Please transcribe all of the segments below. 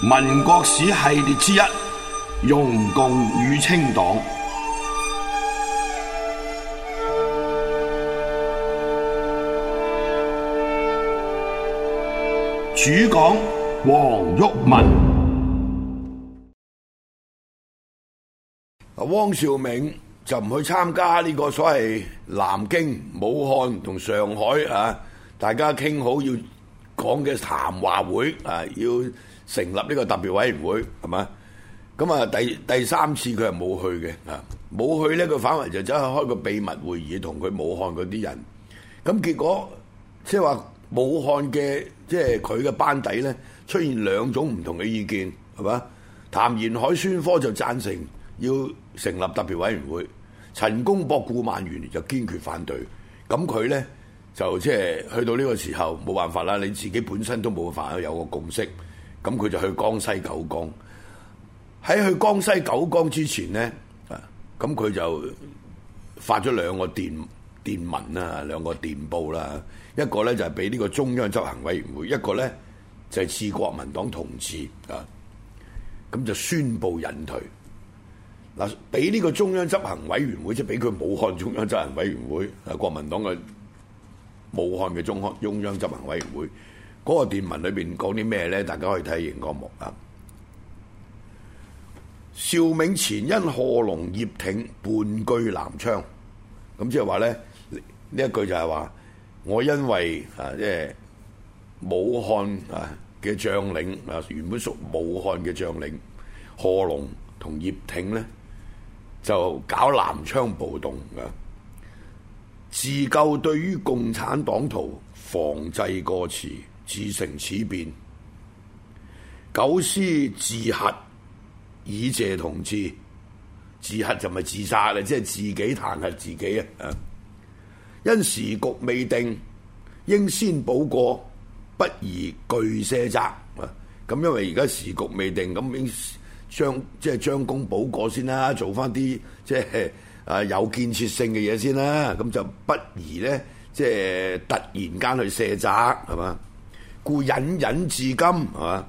民國史系列之一，容共與清黨，主講黃毓民。啊，汪兆銘就唔去參加呢個所謂南京、武漢同上海啊，大家傾好要講嘅談話會啊，要成立呢個特別委員會係嘛？咁啊，第第三次佢係冇去嘅嚇，冇去咧，佢反為就走去開個秘密會議，同佢武漢嗰啲人。咁結果即係話武漢嘅即係佢嘅班底咧，出現兩種唔同嘅意見係嘛？譚延海、孫科就贊成要成立特別委員會，陳公博、顧萬源就堅決反對。咁佢咧就即係去到呢個時候冇辦法啦，你自己本身都冇辦法，有個共識。咁佢就去江西九江。喺去江西九江之前呢，咁佢就發咗兩個電電文啦，兩個電報啦。一個呢就係俾呢個中央執行委員會，一個呢就係辭國民黨同志啊。咁就宣佈引退。嗱，俾呢個中央執行委員會即係俾佢武漢中央執行委員會啊，國民黨嘅武漢嘅中中央執行委員會。嗰個電文裏邊講啲咩咧？大家可以睇下熒光幕啊！邵銘前因賀龍葉挺叛居南昌，咁即係話咧，呢一句就係話我因為啊，即係武漢啊嘅將領啊，原本屬武漢嘅將領賀龍同葉挺咧就搞南昌暴動啊！自救對於共產黨徒防制過詞。自成此變，九師自劾，以謝同志。自劾就咪自殺啊！即係自己彈劾自己啊！啊！因時局未定，應先補過，不宜遽卸責。咁、啊、因為而家時局未定，咁應將即係、就是、將功補過先啦，做翻啲即係啊有建設性嘅嘢先啦。咁、啊、就不宜咧，即、就、係、是、突然間去卸責，係嘛？故隱忍至今，係嘛？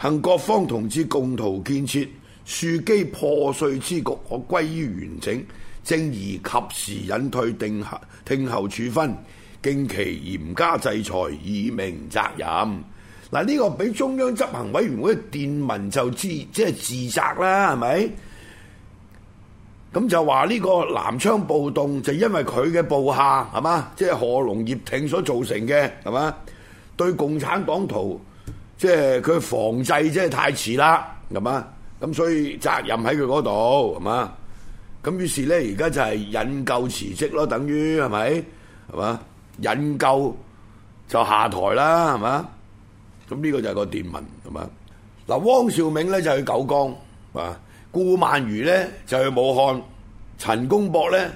向各方同志共同建設，樹基破碎之局可歸於完整，正宜及時引退定聽候處分，敬其嚴加制裁，以明責任。嗱、啊，呢、這個俾中央執行委員會嘅電文就知，即、就、係、是、自責啦，係咪？咁就話呢個南昌暴動就因為佢嘅部下係嘛，即係賀龍葉挺所造成嘅，係嘛？對共產黨徒，即係佢防制，即係太遲啦，係嘛？咁所以責任喺佢嗰度，係嘛？咁於是咧，而家就係引咎辭職咯，等於係咪？係嘛？引咎就下台啦，係嘛？咁呢個就係個電文，係嘛？嗱，汪兆銘咧就去九江，啊，顧孟餘咧就去武漢，陳公博咧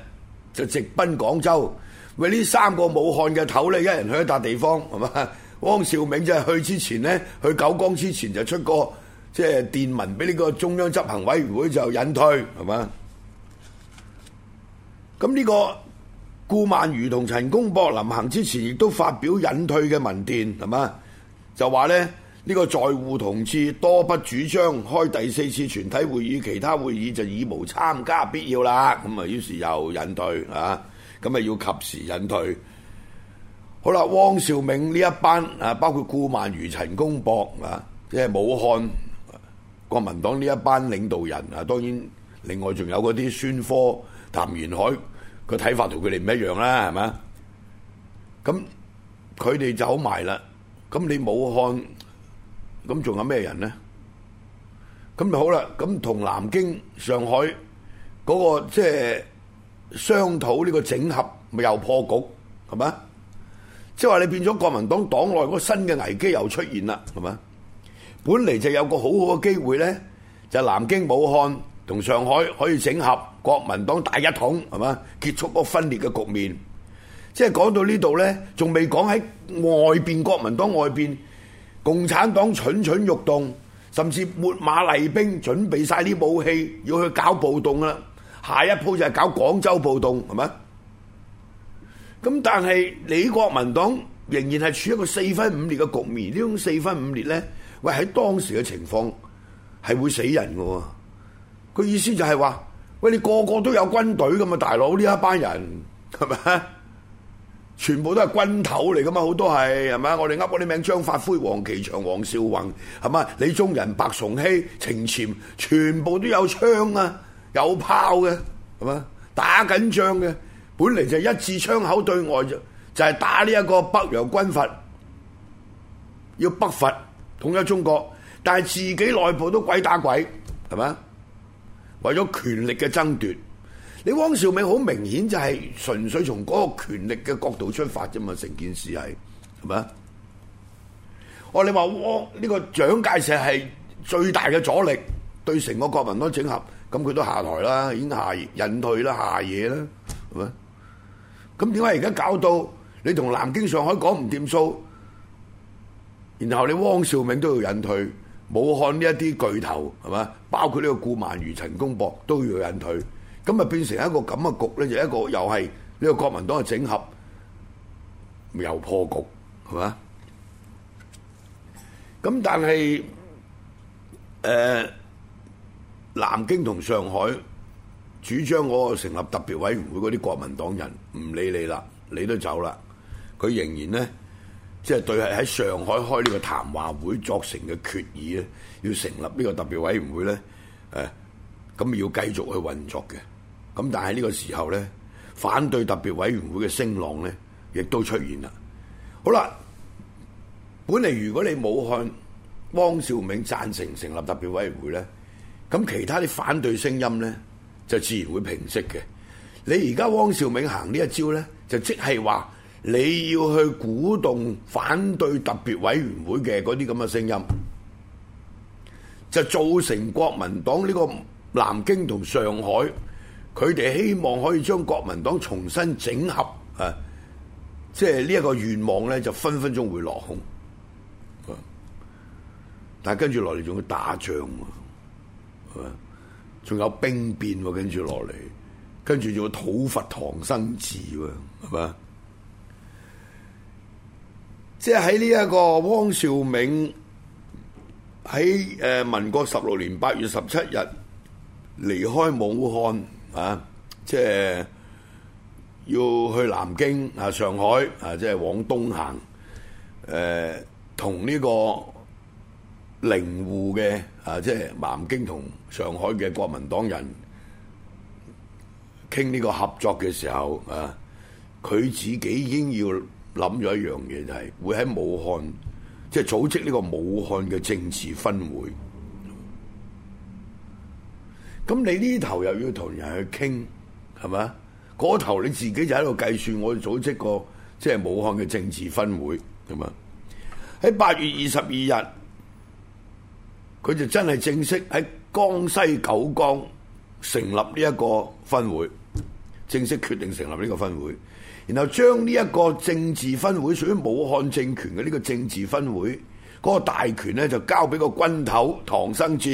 就直奔廣州。喂，呢三個武漢嘅頭咧，一人去一笪地方，係嘛？汪兆銘就係去之前呢，去九江之前就出過即係、就是、電文俾呢個中央執行委員會就引退，係嘛？咁呢個顧孟餘同陳公博臨行之前亦都發表引退嘅文電，係嘛？就話咧呢、呢個在滬同志多不主張開第四次全體會議，其他會議就已無參加必要啦。咁啊，於是又引退啊，咁啊要及時引退。好啦，汪兆銘呢一班啊，包括顧孟餘、陳公博啊，即係武漢國民黨呢一班領導人啊，當然，另外仲有嗰啲孫科、譚延闓，個睇法同佢哋唔一樣啦，係咪？咁佢哋走埋啦。咁你武漢咁仲有咩人呢？咁就好啦。咁同南京、上海嗰個即係商討呢個整合，咪又破局係咪？即係話你變咗國民黨黨內嗰新嘅危機又出現啦，係嘛？本嚟就有個好好嘅機會呢，就係南京、武漢同上海可以整合國民黨大一統，係嘛？結束嗰分裂嘅局面。即係講到呢度呢，仲未講喺外邊國民黨外邊，共產黨蠢蠢欲動，甚至秣馬厲兵，準備晒啲武器要去搞暴動啦。下一鋪就係搞廣州暴動，係嘛？咁但係你國民黨仍然係處一個四分五裂嘅局面，呢種四分五裂咧，喂，喺當時嘅情況係會死人嘅。佢意思就係話，喂，你個個都有軍隊噶嘛，大佬，呢一班人係咪？全部都係軍頭嚟，噶嘛，好多係，係咪？我哋噏嗰啲名，張發奎、黃琪翔、黃紹竑，係咪？李宗仁、白崇禧、程潛，全部都有槍啊，有炮嘅，係嘛，打緊仗嘅。本嚟就係一次槍口對外就就是、係打呢一個北洋軍閥，要北伐統一中國，但係自己內部都鬼打鬼，係咪啊？為咗權力嘅爭奪，你汪兆銘好明顯就係純粹從嗰個權力嘅角度出發啫嘛，成件事係係咪啊？哦，你話汪呢個蔣介石係最大嘅阻力，對成個國民黨整合，咁佢都下台啦，已經下引退啦，下野啦，係咪？咁點解而家搞到你同南京、上海講唔掂數，然後你汪兆銘都要引退，武漢呢一啲巨頭係嘛，包括呢個顧孟餘、陳公博都要引退，咁咪變成一個咁嘅局咧？就一個又係呢個國民黨嘅整合又破局係嘛？咁但係誒南京同上海。主張我成立特別委員會嗰啲國民黨人唔理你啦，你都走啦。佢仍然呢，即係對係喺上海開呢個談話會作成嘅決議咧，要成立呢個特別委員會呢，誒，咁要繼續去運作嘅。咁但係呢個時候呢，反對特別委員會嘅聲浪呢，亦都出現啦。好啦，本嚟如果你武漢汪兆銘贊成成立特別委員會呢，咁其他啲反對聲音呢，就自然會平息嘅。你而家汪兆銘行呢一招咧，就即係話你要去鼓動反對特別委員會嘅嗰啲咁嘅聲音，就造成國民黨呢個南京同上海佢哋希望可以將國民黨重新整合啊，即係呢一個願望咧，就分分鐘會落空。但係跟住落嚟仲要打仗喎，仲有兵變喎，跟住落嚟，跟住要討伐唐生智喎，係嘛？即係喺呢一個汪兆銘喺誒民國十六年八月十七日離開武漢啊，即係要去南京啊、上海啊，即係往東行，誒同呢個。寧滬嘅啊，即係南京同上海嘅國民黨人傾呢個合作嘅時候啊，佢自己已經要諗咗一樣嘢，就係、是、會喺武漢即係組織呢個武漢嘅政治分會。咁你呢頭又要同人去傾，係咪？嗰頭你自己就喺度計算，我哋組織個即係武漢嘅政治分會，係咪？喺八月二十二日。佢就真係正式喺江西九江成立呢一個分會，正式決定成立呢個分會，然後將呢一個政治分會屬於武漢政權嘅呢個政治分會嗰個大權呢就交俾個軍頭唐生智，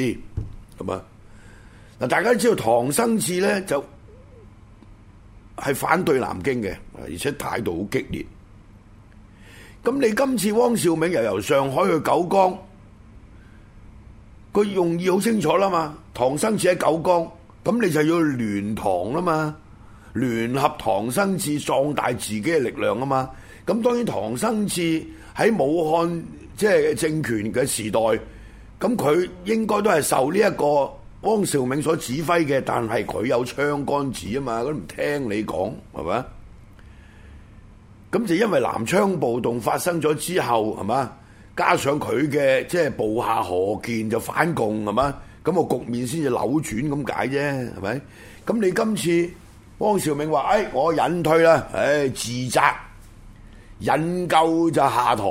係嘛？嗱，大家都知道唐生智呢就係反對南京嘅，而且態度好激烈。咁你今次汪兆銘又由上海去九江。佢用意好清楚啦嘛，唐生智喺九江，咁你就要聯唐啦嘛，聯合唐生智壯大自己嘅力量啊嘛。咁當然唐生智喺武漢即係政權嘅時代，咁佢應該都係受呢一個汪兆銘所指揮嘅，但係佢有槍桿子啊嘛，佢唔聽你講係咪？咁就因為南昌暴動發生咗之後係嘛。加上佢嘅即係部下何健就反共係嘛，咁個局面先至扭轉咁解啫，係咪？咁你今次汪兆銘話，誒、哎，我引退啦，誒、哎，自責，引咎就下台，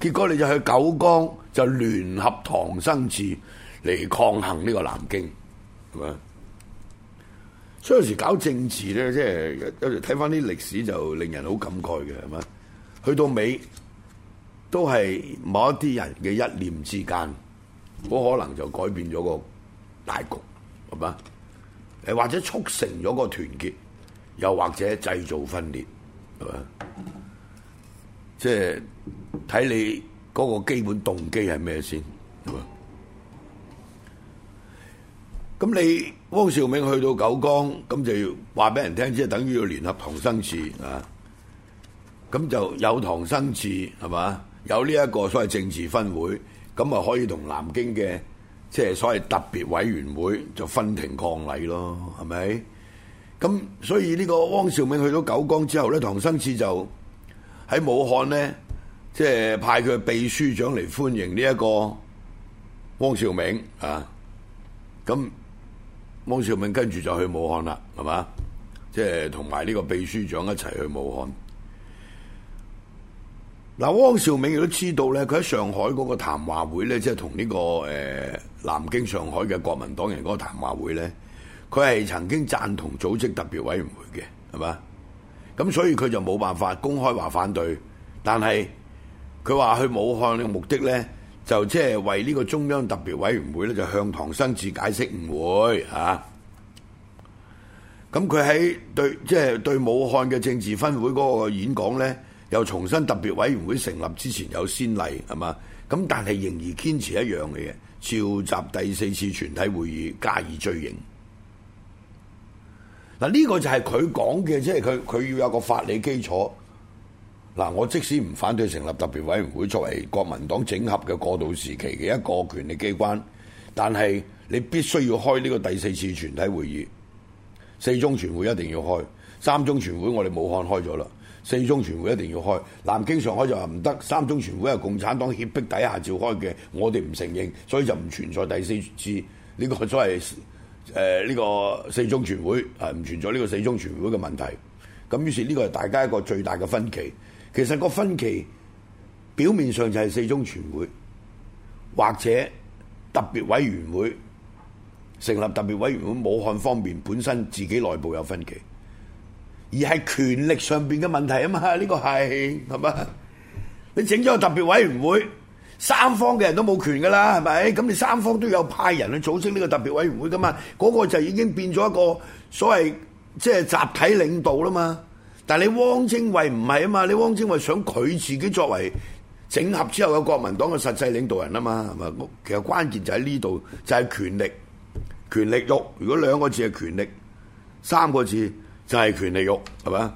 結果你就去九江就聯合唐生智嚟抗衡呢個南京，係嘛？所以有時搞政治咧，即係有時睇翻啲歷史就令人好感慨嘅，係嘛？去到尾。都係某一啲人嘅一念之間，好可能就改變咗個大局，係咪啊？誒，或者促成咗個團結，又或者製造分裂，係咪啊？即係睇你嗰個基本動機係咩先，係咪？咁你汪兆銘去到九江，咁就要話俾人聽，即係等於要聯合唐生智啊！咁就有唐生智係咪啊？有呢一個所謂政治分會，咁啊可以同南京嘅即係所謂特別委員會就分庭抗禮咯，係咪？咁所以呢個汪兆銘去到九江之後咧，唐生智就喺武漢咧，即係派佢秘書長嚟歡迎呢一個汪兆銘啊。咁汪兆銘跟住就去武漢啦，係嘛？即係同埋呢個秘書長一齊去武漢。嗱，汪兆銘亦都知道咧，佢喺上海嗰個談話會咧，即係同呢個誒、呃、南京、上海嘅國民黨人嗰個談話會咧，佢係曾經贊同組織特別委員會嘅，係嘛？咁所以佢就冇辦法公開話反對，但係佢話去武漢嘅目的咧，就即係為呢個中央特別委員會咧，就向唐生智解釋誤會啊！咁佢喺對即係、就是、對武漢嘅政治分會嗰個演講咧。又重新特別委員會成立之前有先例係嘛？咁但係仍然堅持一樣嘅嘢，召集第四次全體會議加以追認。嗱、這、呢個就係佢講嘅，即係佢佢要有個法理基礎。嗱，我即使唔反對成立特別委員會作為國民黨整合嘅過渡時期嘅一個權力機關，但係你必須要開呢個第四次全體會議，四中全會一定要開，三中全會我哋武漢開咗啦。四中全會一定要開，南京、上海就話唔得，三中全會係共產黨脅迫底下召開嘅，我哋唔承認，所以就唔存在第四次呢、呢個所謂誒呢、呃呢個四中全會，係、呃、唔存在呢個四中全會嘅問題。咁於是呢個係大家一個最大嘅分歧。其實個分歧表面上就係四中全會，或者特別委員會成立特別委員會，武漢方面本身自己內部有分歧。而係權力上邊嘅問題啊嘛，呢個係係嘛？你整咗個特別委員會，三方嘅人都冇權噶啦，係咪？咁你三方都有派人去組織呢個特別委員會噶嘛？嗰個就已經變咗一個所謂即係集體領導啦嘛。但係你汪精衛唔係啊嘛，你汪精衛想佢自己作為整合之後嘅國民黨嘅實際領導人啊嘛，係咪？其實關鍵就喺呢度，就係權力，權力慾。如果兩個字係權力，三個字，就係權力慾係嘛？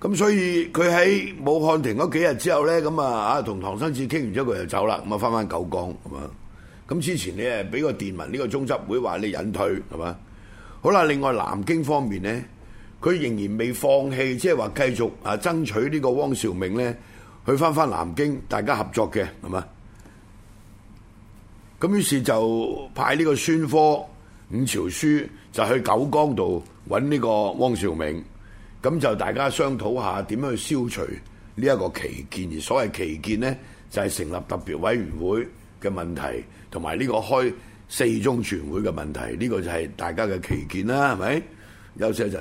咁所以佢喺武漢停嗰幾日之後咧，咁啊嚇同唐生智傾完咗佢就走啦，咁啊翻翻九江係嘛？咁之前你誒俾個電文呢個中執會話你隱退係嘛？好啦，另外南京方面咧，佢仍然未放棄，即係話繼續啊爭取呢個汪兆銘咧去翻翻南京，大家合作嘅係嘛？咁於是就派呢個孫科。五朝書就去九江度揾呢個汪兆銘，咁就大家商討下點樣去消除呢一個歧見，而所謂歧見呢，就係、是、成立特別委員會嘅問題，同埋呢個開四中全會嘅問題，呢、這個就係大家嘅歧見啦，係咪？休息一陣。